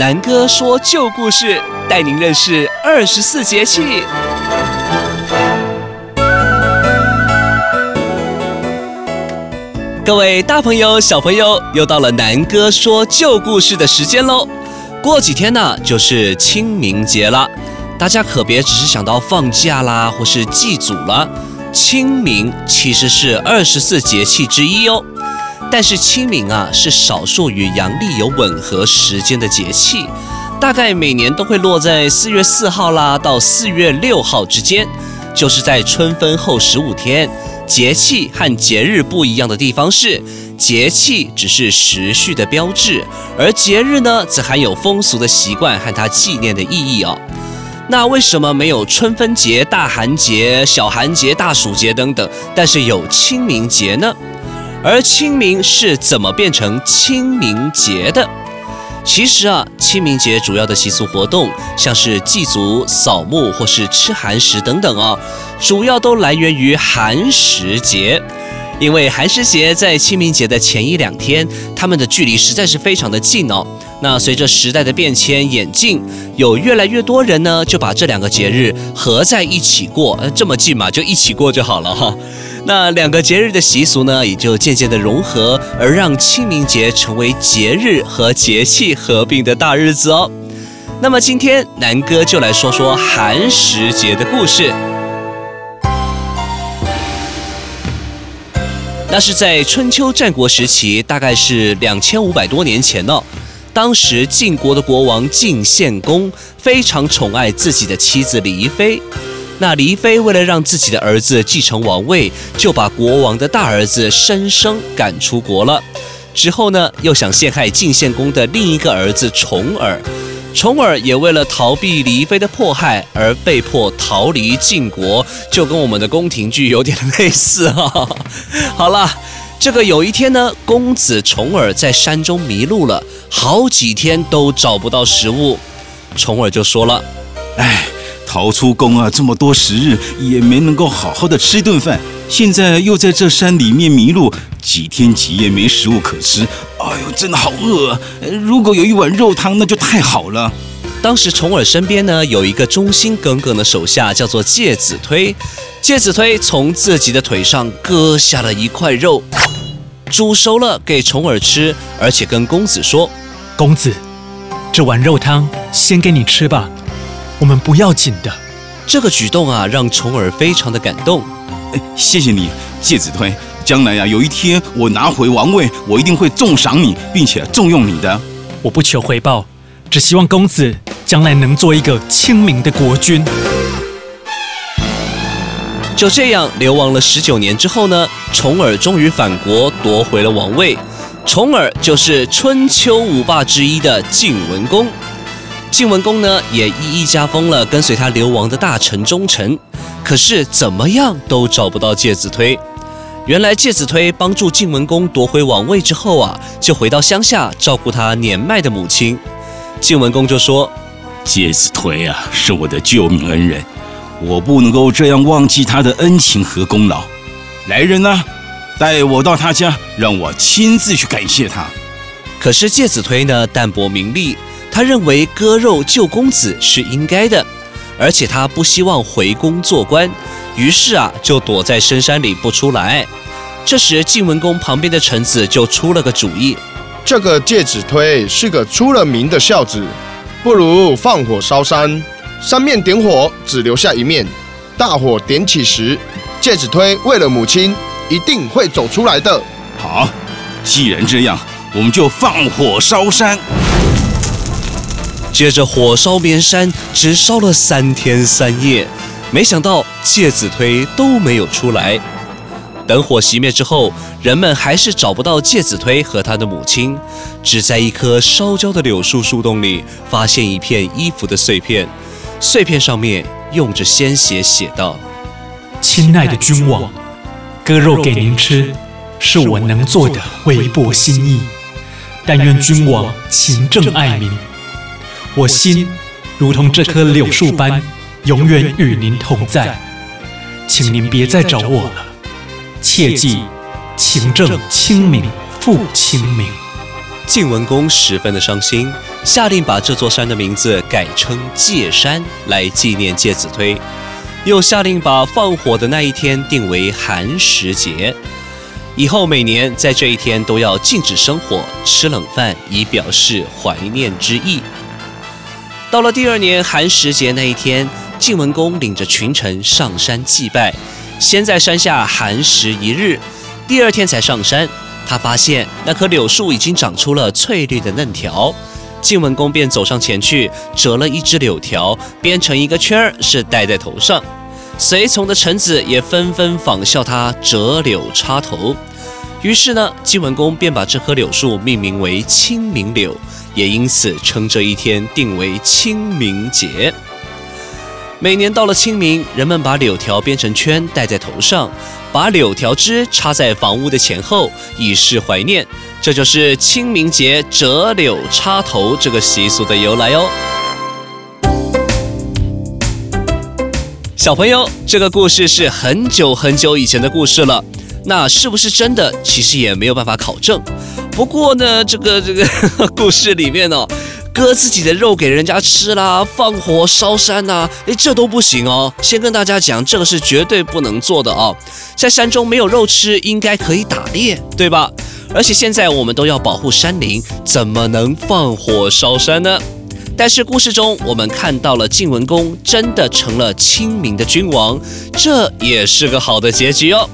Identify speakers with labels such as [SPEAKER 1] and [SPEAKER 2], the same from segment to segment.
[SPEAKER 1] 南哥說舊故事，帶您認識二十四節氣。各位大朋友、小朋友，又到了南哥說舊故事的時間嘍。過幾天呢，就是清明節了，大家可別只是想到放假啦，或是祭祖了。清明其實是二十四節氣之一喲。但是清明啊，是少數與陽曆有吻合時間的節氣，大概每年都會落在四月四號啦到四月六號之間，就是在春分後十五天。節氣和節日不一樣的地方是，節氣只是時序的標誌，而節日呢則含有風俗的習慣和它紀念的意義哦。那為什麼沒有春分節、大寒節、小寒節、大暑節等等，但是有清明節呢？而清明是怎麼變成清明節的？其實啊，清明節主要的習俗活動，像是祭祖、掃墓或是吃寒食等等啊、哦，主要都來源於寒食節。因為寒食節在清明節的前一兩天，他們的距離實在是非常的近哦。那隨着時代的變遷，演進，有越來越多人呢就把這兩個節日合在一起過，呃，這麼近嘛，就一起過就好了哈、哦。那兩個節日的習俗呢，也就漸漸的融合，而讓清明節成為節日和節氣合併的大日子哦。那麼今天南哥就來說說寒食節的故事。那是在春秋戰國時期，大概是兩千五百多年前呢，哦，當時晉國的國王晉獻公非常寵愛自己的妻子驪妃，那驪妃為了讓自己的兒子繼承王位，就把國王的大兒子申生趕出國了。之後呢，又想陷害晉獻公的另一個兒子重耳。重耳也為了逃避驪妃的迫害而被迫逃離晉國，就跟我們的宮廷劇有點類似哈、哦。好了，這個有一天呢，公子重耳在山中迷路了，好幾天都找不到食物，重耳就說了：“哎。”逃出宮啊！這麼多時日也沒能夠好好的吃頓飯，現在又在這山裡面迷路，幾天幾夜沒食物可吃，哎呦，真的好餓！如果有一碗肉湯，那就太好了。當時重耳身邊呢，有一個忠心耿耿的手下，叫做介子推。介子推從自己的腿上割下了一塊肉，煮熟了給重耳吃，而且跟公子說：“公子，這碗肉湯先給你吃吧。”我們不要緊的，這個舉動啊，讓重耳非常的感動。哎，謝謝你，介子推。將來啊，有一天我拿回王位，我一定會重賞你，並且重用你的。我不求回報，只希望公子將來能做一個清明的國君。就這樣，流亡了十九年之後呢，重耳終於返國，奪回了王位。重耳就是春秋五霸之一的晉文公。晉文公呢，也一一加封了跟隨他流亡的大臣忠臣，可是怎麼樣都找不到介子推。原來介子推幫助晉文公奪回王位之後啊，就回到鄉下照顧他年邁的母親。晉文公就說：“介子推啊，是我的救命恩人，我不能夠這樣忘記他的恩情和功勞。來人吶、啊，帶我到他家，讓我親自去感謝他。”可是介子推呢，淡泊名利。他認為割肉救公子是應該的，而且他不希望回宮做官，於是啊就躲在深山裡不出來。這時晉文公旁邊的臣子就出了個主意：這個介子推是個出了名的孝子，不如放火燒山，三面點火，只留下一面，大火點起時，介子推為了母親一定會走出來的。好，既然這樣，我們就放火燒山。接着火燒綿山，只燒了三天三夜，沒想到介子推都沒有出來。等火熄滅之後，人們還是找不到介子推和他的母親，只在一棵燒焦的柳樹樹洞裡發現一片衣服的碎片，碎片上面用着鮮血寫道：“親愛的君王，割肉給您吃，是我能做的微薄心意。但願君王勤政愛民。”我心如同這棵柳樹般，永遠與您同在，請您別再找我了。切記，勤政清明復清明。晉文公十分的傷心，下令把這座山的名字改成介山來紀念介子推，又下令把放火的那一天定為寒食節，以後每年在這一天都要禁止生火、吃冷飯，以表示懷念之意。到了第二年寒食節那一天，晉文公領着群臣上山祭拜，先在山下寒食一日，第二天才上山。他發現那棵柳樹已經長出了翠綠的嫩條，晉文公便走上前去折了一枝柳條，編成一個圈兒，是戴在頭上。隨從的臣子也紛紛仿效他折柳插頭。於是呢，晉文公便把這棵柳樹命名為清明柳。也因此，稱這一天定為清明節。每年到了清明，人們把柳條編成圈戴在頭上，把柳條枝插在房屋的前後，以示懷念。這就是清明節折柳插頭這個習俗的由來哦。小朋友，這個故事是很久很久以前的故事了，那是不是真的？其實也沒有辦法考證。不過呢，這個這個呵呵故事裡面呢、哦，割自己的肉給人家吃啦，放火燒山吶、啊，誒，這都不行哦。先跟大家講，這個是絕對不能做的哦。在山中沒有肉吃，應該可以打獵，對吧？而且現在我們都要保護山林，怎麼能放火燒山呢？但是故事中我們看到了晉文公真的成了清明的君王，這也是個好的結局哦。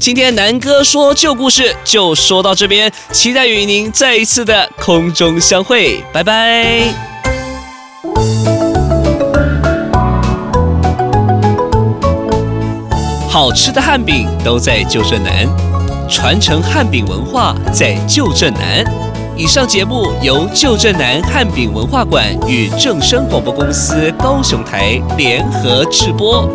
[SPEAKER 1] 今天南哥說舊故事就說到這邊，期待與您再一次的空中相會，拜拜。好吃的漢餅都在舊鎮南，傳承漢餅文化在舊鎮南。以上節目由舊鎮南漢餅文化館與正聲廣播公司高雄台聯合制播。